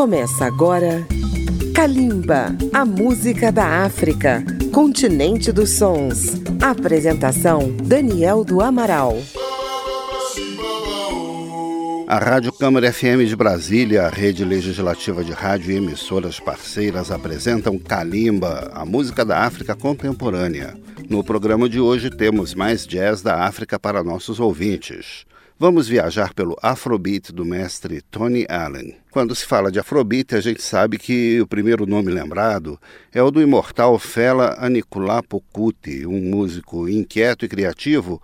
Começa agora Kalimba, a música da África, continente dos sons. Apresentação Daniel do Amaral. A Rádio Câmara FM de Brasília, a rede legislativa de rádio e emissoras parceiras apresentam Kalimba, a música da África contemporânea. No programa de hoje temos mais jazz da África para nossos ouvintes. Vamos viajar pelo Afrobeat do mestre Tony Allen. Quando se fala de Afrobeat, a gente sabe que o primeiro nome lembrado é o do imortal Fela Anikulapo Kuti, um músico inquieto e criativo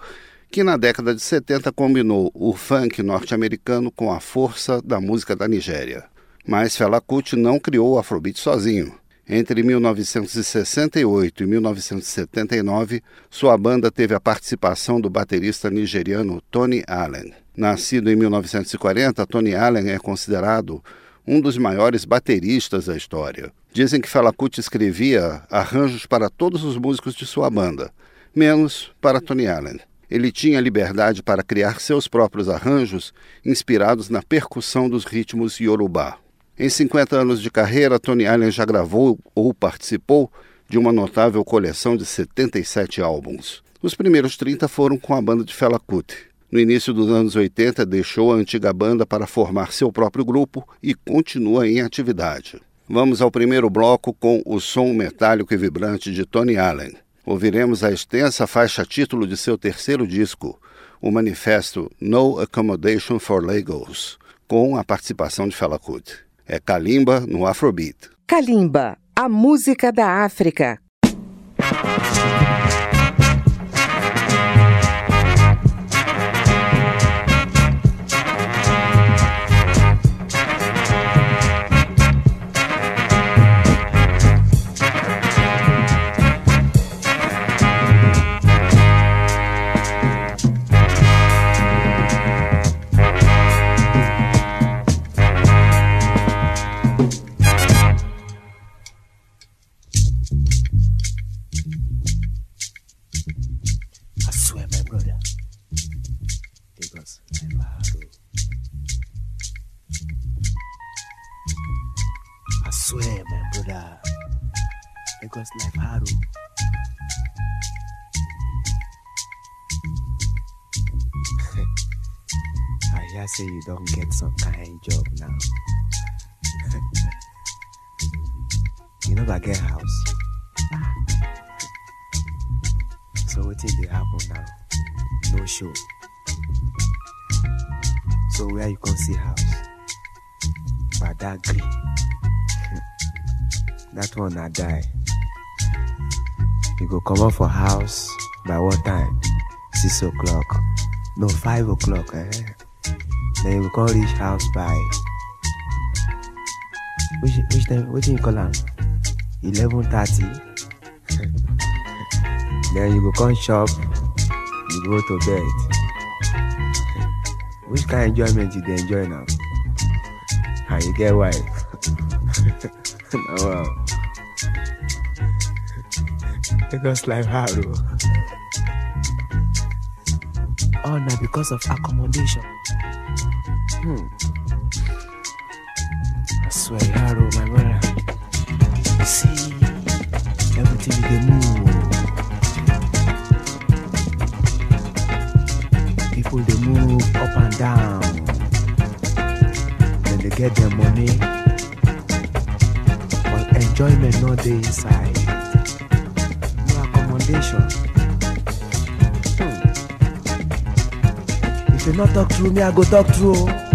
que na década de 70 combinou o funk norte-americano com a força da música da Nigéria. Mas Fela Kuti não criou o Afrobeat sozinho. Entre 1968 e 1979, sua banda teve a participação do baterista nigeriano Tony Allen. Nascido em 1940, Tony Allen é considerado um dos maiores bateristas da história. Dizem que Falacuti escrevia arranjos para todos os músicos de sua banda, menos para Tony Allen. Ele tinha liberdade para criar seus próprios arranjos inspirados na percussão dos ritmos yorubá. Em 50 anos de carreira, Tony Allen já gravou ou participou de uma notável coleção de 77 álbuns. Os primeiros 30 foram com a banda de Fela Kuti. No início dos anos 80, deixou a antiga banda para formar seu próprio grupo e continua em atividade. Vamos ao primeiro bloco com o som metálico e vibrante de Tony Allen. Ouviremos a extensa faixa título de seu terceiro disco, o manifesto No Accommodation for Lagos, com a participação de Fela Kuti é Kalimba no Afrobeat. Kalimba, a música da África, Lagos Life Haru. Oh. I hear say you don't get some kind job now. you know that get house. So what did they happen now? No show. So where you can see house? Badagri. that one I die you go come up for house by what time? Six o'clock. No, five o'clock. Eh? Then you go reach house by which which time? Which you call am? Eleven thirty. then you go come shop. You go to bed. Which kind of enjoyment you dey enjoy now? And you get wife. Oh. wow. Because life hard, Oh, now because of accommodation. Hmm. I swear, hard, my brother. You see, everything with the move. Oh. People they move up and down. Then they get their money. But enjoyment not the inside foundation. Hmm. If you not talk through me, I go talk through.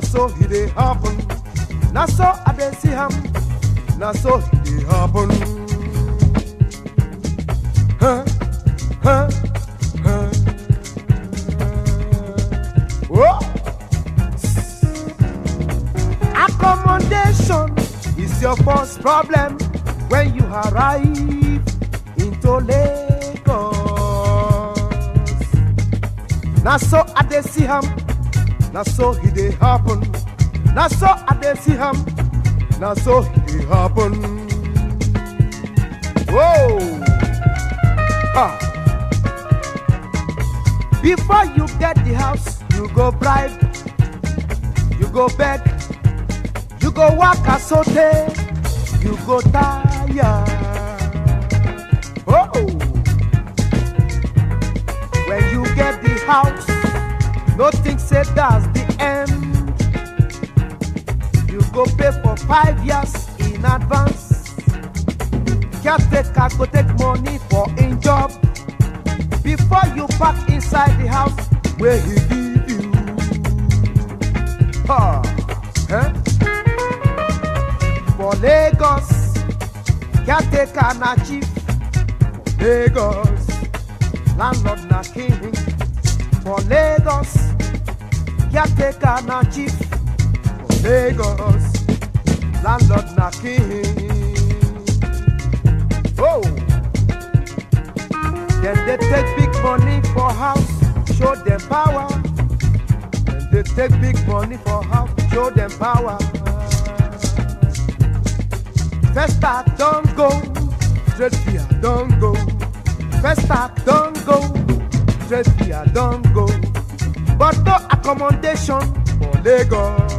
na so he dey happen na so i dey see am na so he dey happen. Huh, Accommodation is your first problem when you arrive into Lagos. Na so I see am. Now so he dey happen. Now so I did see him. Now so he happen. Whoa! Ha! Before you get the house, you go bribe, you go beg, you go work a saute, you go tire. Oh! When you get the house, Nothing said. that's the end. You go pay for five years in advance. Caretaker go take money for in job. Before you park inside the house where he be? you. Huh. Eh? Huh? For Lagos, caretaker na chief. For Lagos, landlord na king. for Lagos. Caretaker na chief for Lagos. Landlord na king. Oh! Then they take big money for house, show them power. Then they take big money for house, show them power. Best act don't go, straight don't go. Best act don't go. I don't go, but no accommodation for Lagos.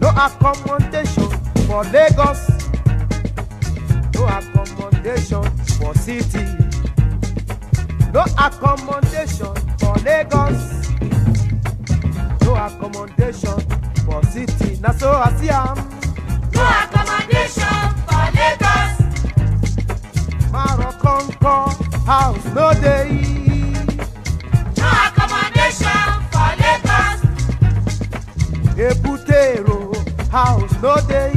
No accommodation for Lagos. No accommodation for city. No accommodation for Lagos. No accommodation for city. Na so I see am. No accommodation for Lagos. Marocco house no day. station for lagos. ebute house no dey.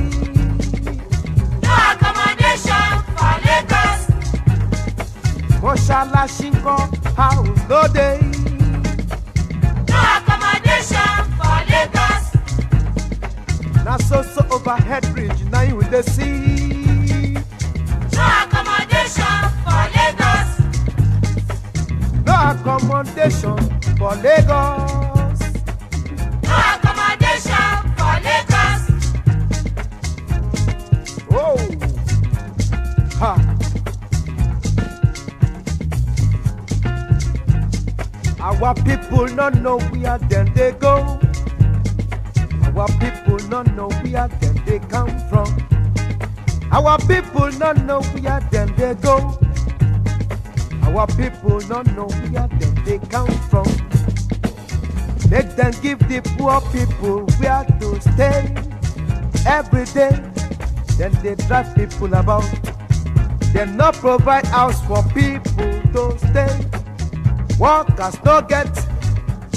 no accommodation for lagos. mọ́ṣáláṣí house no dey. no accommodation for lagos. na overhead bridge na you will see. Our people not know we are them they go. Our people not know we are them they come from. Make them give the poor people where to stay. Every day, then they drive people about. They not provide house for people to stay. Workers no get,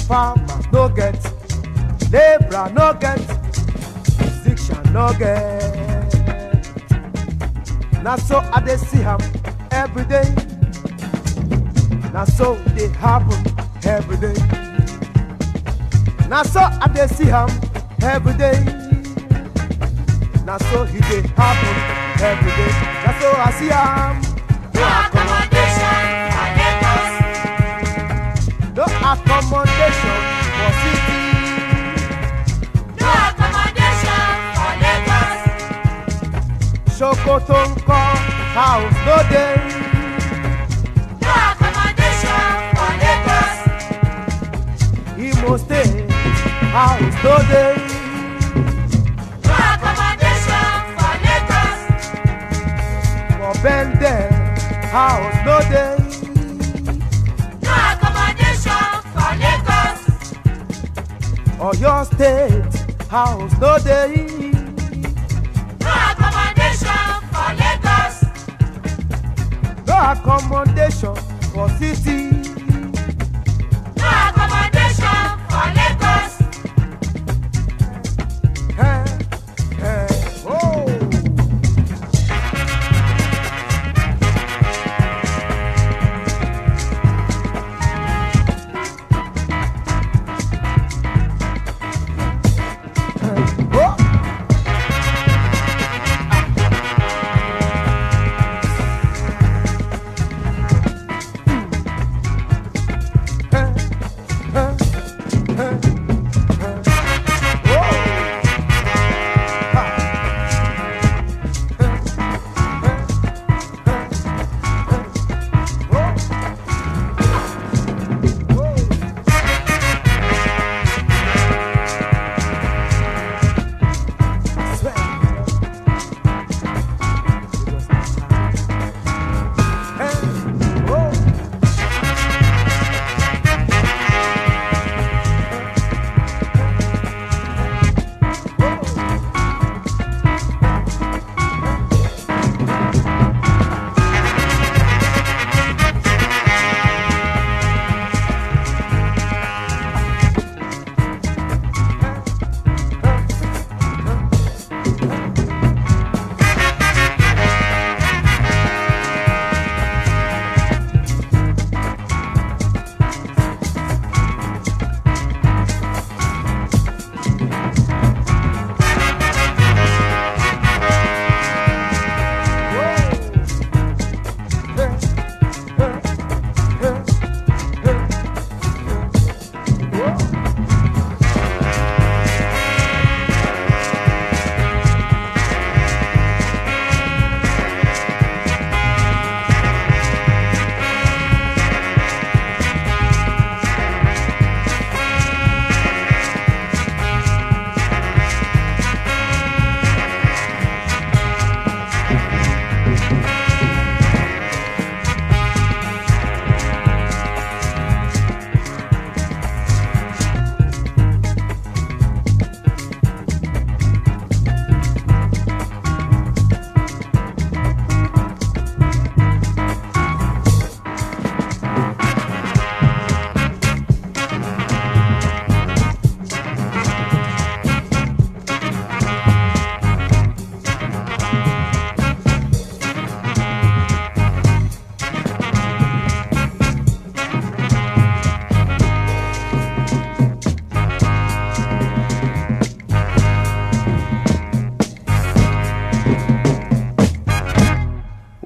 farmers no get, labor no get, musician no get. Now so I they see him every day. Now so they happen every day. Now so I they see him every day. Now so he they happen every day. Now so I see him. ṣòkòtò ń kọ́ a ò lóde no accommodation for Lagos. Imo State a ò lóde no accommodation for Lagos. for Bende a ò lóde no accommodation for Lagos. Oyo State a ò lóde accommodation for city.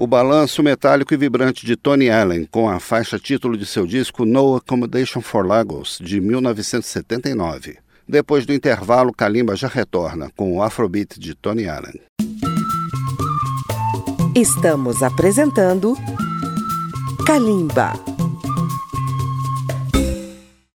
balanço metálico e vibrante de Tony Allen, com a faixa título de seu disco No Accommodation for Lagos, de 1979. Depois do intervalo, Kalimba já retorna com o Afrobeat de Tony Allen. Estamos apresentando Kalimba.